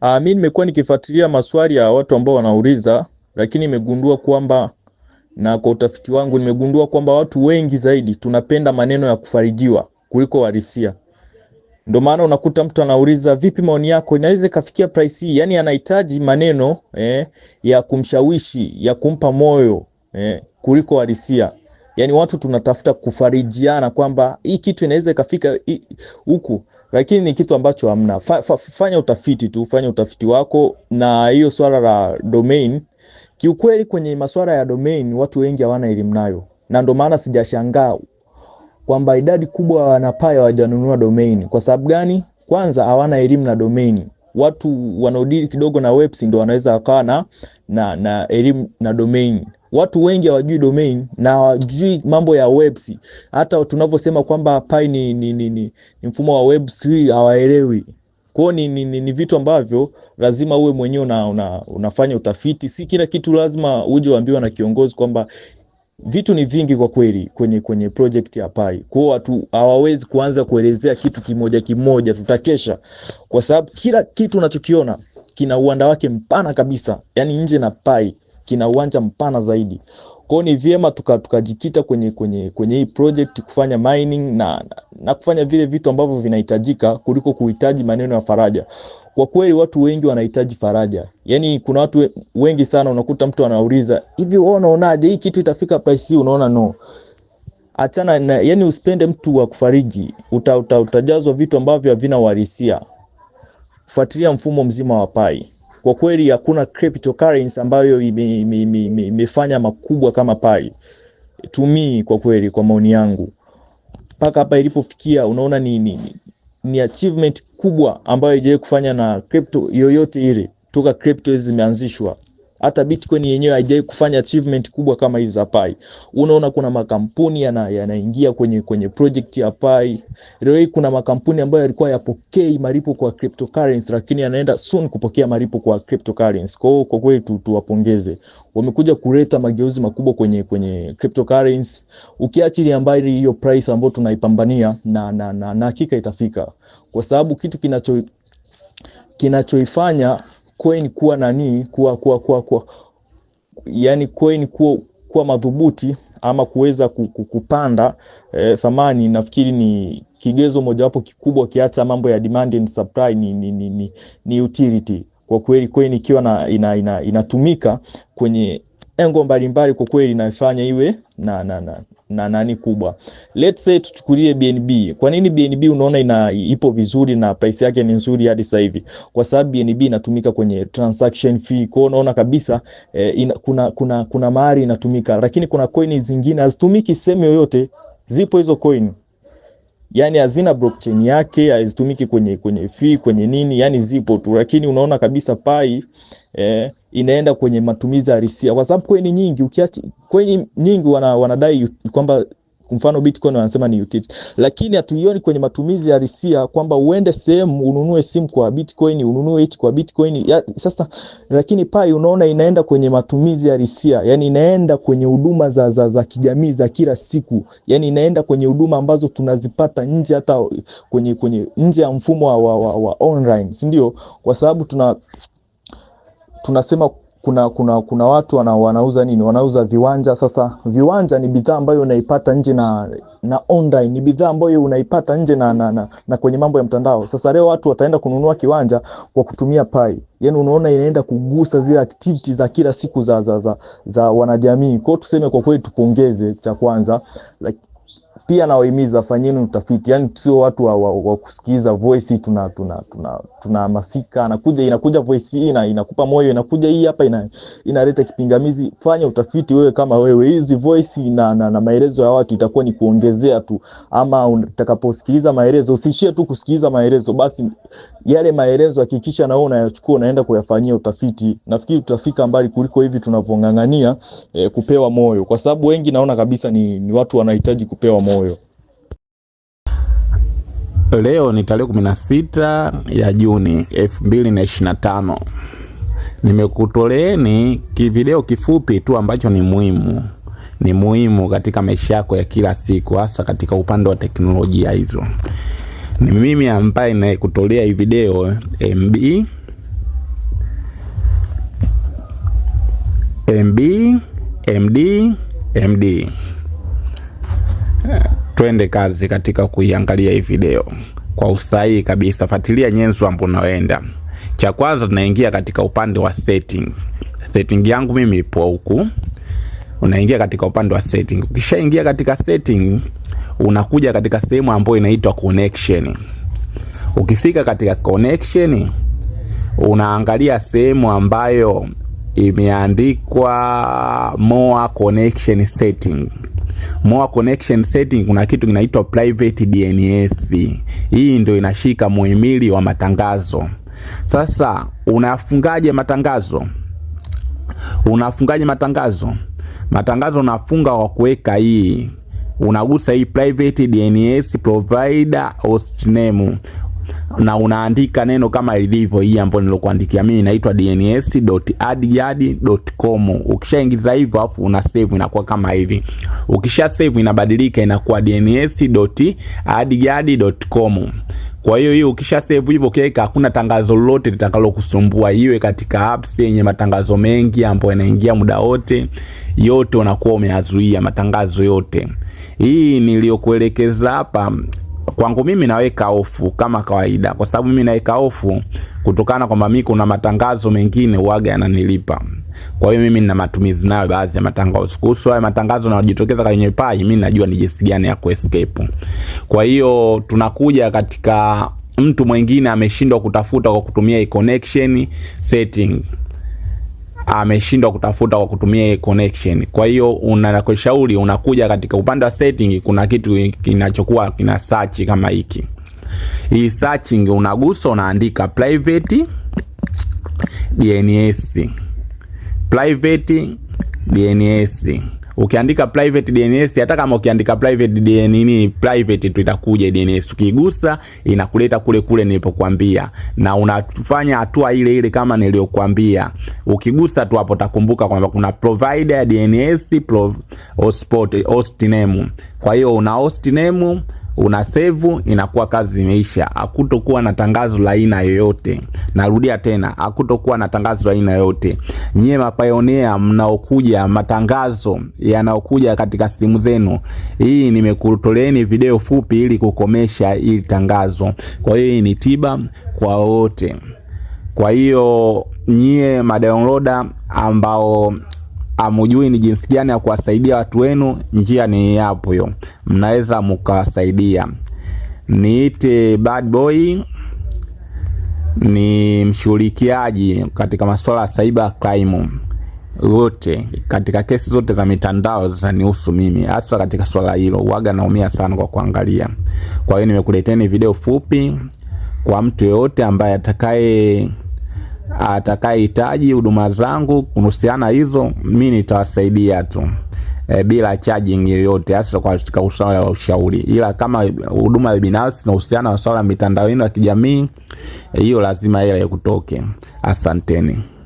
Ah, mimi nimekuwa nikifuatilia maswali ya watu ambao wanauliza, lakini nimegundua kwamba na kwa utafiti wangu nimegundua kwamba watu wengi zaidi tunapenda maneno ya kufarijiwa kuliko uhalisia. Ndio maana unakuta mtu anauliza vipi, maoni yako inaweza kafikia price hii? Yaani anahitaji maneno eh, ya kumshawishi ya kumpa moyo eh, kuliko uhalisia. Yaani watu tunatafuta kufarijiana kwamba hii kitu inaweza kafika huku lakini ni kitu ambacho hamna. Fa, fa, fanya utafiti tu, fanya utafiti wako. Na hiyo swala la domain, kiukweli kwenye masuala ya domain watu wengi hawana elimu nayo, na ndio maana sijashangaa kwamba idadi kubwa wanapaya hawajanunua domain. Kwa sababu gani? Kwanza hawana elimu na domain watu wanaodili kidogo na webs ndio wanaweza wakawa na, na, na elimu na domain. Watu wengi hawajui domain na hawajui mambo ya webs. Hata tunavyosema kwamba Pi ni, ni, ni, ni, ni mfumo wa webs hawaelewi. Kwao ni, ni, ni, ni vitu ambavyo lazima uwe mwenyewe una, una, unafanya utafiti. Si kila kitu lazima uje uambiwe na kiongozi kwamba vitu ni vingi kwa kweli kwenye kwenye project ya Pai. Kwa watu hawawezi kuanza kuelezea kitu kimoja kimoja, tutakesha kwa sababu kila kitu unachokiona kina uwanda wake mpana kabisa, yani nje na Pai kina uwanja mpana zaidi. Kwa ni vyema tukajikita tuka kwenye, kwenye, kwenye hii project kufanya mining na, na, na kufanya vile vitu ambavyo vinahitajika kuliko kuhitaji maneno ya faraja. Kwa kweli watu wengi wanahitaji faraja. Yaani kuna watu wengi sana unakuta mtu anauliza, "Hivi wewe unaonaje hii kitu itafika price hii?" Unaona no. Achana na yani usipende mtu wa kufariji. Uta, uta, utajazwa vitu ambavyo havina uhalisia. Fuatilia mfumo mzima wa Pai. Kwa kweli hakuna cryptocurrency ambayo imefanya makubwa kama Pai. Tumii kwa kweli, kwa maoni yangu. Paka hapa ilipofikia unaona nini? ni achievement kubwa ambayo haijawahi kufanya na crypto yoyote ile toka crypto hizi zimeanzishwa. Hata Bitcoin yenyewe haijai kufanya achievement kubwa kama hizi za pai Unaona kuna makampuni yanaingia yana kwenye, kwenye project ya pai Leo hii kuna makampuni ambayo yalikuwa yapokei malipo kwa cryptocurrency lakini yanaenda soon kupokea malipo kwa cryptocurrency. Kwa hiyo kwa kweli tu, tuwapongeze. Wamekuja kuleta mageuzi makubwa kwenye, kwenye cryptocurrency. Ukiachilia mbali hiyo price ambayo tunaipambania na na, na hakika itafika. Kwa sababu kitu kinacho kinachoifanya coin kuwa nani kuwa kuwa kuwa kuwa yani coin kuwa kuwa madhubuti ama kuweza kupanda e, thamani nafikiri ni kigezo mojawapo kikubwa, ukiacha mambo ya demand and supply ni, ni, ni, ni, ni utility kwa kweli coin ikiwa na, ina, ina, inatumika kwenye engo mbalimbali kwa kweli inafanya iwe na, na, na na nani kubwa. Let's say tuchukulie BNB. Kwa nini BNB unaona ina ipo vizuri na price yake ni nzuri hadi sasa hivi? Kwa sababu BNB inatumika kwenye transaction fee. Kwa unaona kabisa eh, ina, kuna kuna kuna mahali inatumika, lakini kuna coin zingine hazitumiki sehemu yoyote. Zipo hizo coin. Yaani hazina blockchain yake, hazitumiki kwenye kwenye fee, kwenye nini? Yaani zipo tu, lakini unaona kabisa pai eh inaenda kwenye matumizi halisia, kwa sababu coin nyingi ukiacha coin nyingi wana, wanadai kwamba mfano Bitcoin wanasema ni utility, lakini hatuioni kwenye matumizi halisia kwamba uende sehemu ununue simu kwa Bitcoin, ununue hichi kwa Bitcoin ya, sasa lakini pai unaona inaenda kwenye matumizi halisia, yani inaenda kwenye huduma za, za, za kijamii za kila siku, yani inaenda kwenye huduma ambazo tunazipata nje hata kwenye, kwenye nje ya mfumo wa, wa, wa, wa online, si ndio? Kwa sababu tuna tunasema kuna, kuna, kuna watu wana, wanauza nini? Wanauza viwanja. Sasa viwanja ni bidhaa ambayo unaipata nje na, na online ni bidhaa ambayo unaipata nje na, na, na, na kwenye mambo ya mtandao. Sasa leo watu wataenda kununua kiwanja kwa kutumia Pai, yani unaona inaenda kugusa zile activity za kila siku za, za, za, za wanajamii kwao. Tuseme kwa kweli, tupongeze cha kwanza like, pia nawahimiza fanyeni utafiti, yani sio watu wa, wa, wa kusikiza voice tuna tuna tunahamasika tuna anakuja inakuja voice hii ina, inakupa moyo inakuja hii hapa ina, inaleta kipingamizi. Fanya utafiti wewe kama wewe, hizi voice na, na, na maelezo ya watu itakuwa ni kuongezea tu, ama utakaposikiliza maelezo usishie tu kusikiliza maelezo basi, yale maelezo hakikisha na wewe unayachukua unaenda kuyafanyia utafiti. Nafikiri tutafika mbali kuliko hivi tunavyong'ang'ania eh, kupewa moyo, kwa sababu wengi naona kabisa ni, ni watu wanahitaji kupewa moyo moyo. Leo ni tarehe kumi na sita ya Juni elfu mbili na ishirini na tano. Nimekutoleeni kivideo kifupi tu ambacho ni muhimu, ni muhimu katika maisha yako ya kila siku, hasa katika upande wa teknolojia hizo. Ni mimi ambaye ninayekutolea hii video MB MB MD MD twende kazi katika kuiangalia hii video kwa usahihi kabisa. Fuatilia nyenzo ambapo unaenda. Cha kwanza tunaingia katika upande wa setting. Setting yangu mimi ipo huku. Unaingia katika upande wa setting. Ukishaingia katika setting, unakuja katika sehemu ambayo inaitwa connection. Ukifika katika connection, unaangalia sehemu ambayo imeandikwa more connection setting. Moa connection setting kuna kitu kinaitwa private DNS. Hii ndio inashika muhimili wa matangazo. Sasa unafungaje matangazo? Unafungaje matangazo? Matangazo unafunga kwa kuweka hii unagusa hii private DNS provider name na unaandika neno kama ilivyo hii ambayo nilokuandikia mimi, inaitwa dns.adyard.com. Ukishaingiza hivyo afu una save, inakuwa kama hivi. Ukisha save inabadilika inakuwa dns.adyard.com. Kwa hiyo hiyo ukisha save hivyo ukiweka, hakuna tangazo lolote litakalokusumbua, iwe katika apps yenye matangazo mengi ambayo yanaingia muda wote, yote unakuwa umeazuia matangazo yote. Hii niliyokuelekeza hapa kwangu mimi naweka hofu kama kawaida, kwa sababu mimi naweka hofu kutokana kwamba mimi kuna matangazo mengine uaga yananilipa. Kwa hiyo mimi nina matumizi nayo baadhi ya matangazo. Kuhusu haya matangazo naojitokeza kwenye pai, mimi najua ni jinsi gani ya kuescape. Kwa hiyo tunakuja katika mtu mwingine ameshindwa kutafuta kwa kutumia connection setting ameshindwa kutafuta kwa kutumia connection. Kwa hiyo unakushauri unakuja katika upande wa setting, kuna kitu kinachokuwa kina search kama hiki. Hii searching unagusa, unaandika private DNS, private DNS ukiandika private DNS, hata kama ukiandika private DNS nini private tu itakuja DNS. Ukigusa inakuleta kule kule nilipokuambia, na unafanya hatua ile ile kama niliyokuambia. Ukigusa tu hapo utakumbuka kwamba kuna provider DNS prov, host name. Kwa hiyo una host name una save, inakuwa kazi imeisha. Hakutokuwa na tangazo la aina yoyote. Narudia tena, hakutokuwa na tangazo la aina yoyote. Nyie mapayonea mnaokuja, matangazo yanayokuja katika simu zenu, hii nimekutoleeni video fupi ili kukomesha hili tangazo. Kwa hiyo hii ni tiba kwa wote. Kwa hiyo nyie madownloader ambao amujui ah, ni jinsi gani ya kuwasaidia watu wenu, njia ni hapo hiyo, mnaweza mukawasaidia Niite bad boy, ni mshughulikiaji katika masuala ya cyber crime wote katika kesi zote za mitandao zitanihusu mimi, hasa katika swala hilo. Waga naumia sana kwa kuangalia. Kwa hiyo nimekuleteni video fupi kwa mtu yeyote ambaye atakaye atakayehitaji huduma zangu kuhusiana hizo, mi nitawasaidia tu e, bila charging yoyote, hasa katika swala wa ushauri. Ila kama huduma binafsi inahusiana na swala la mitandaoni ya kijamii, hiyo lazima hela ikutoke. Asanteni.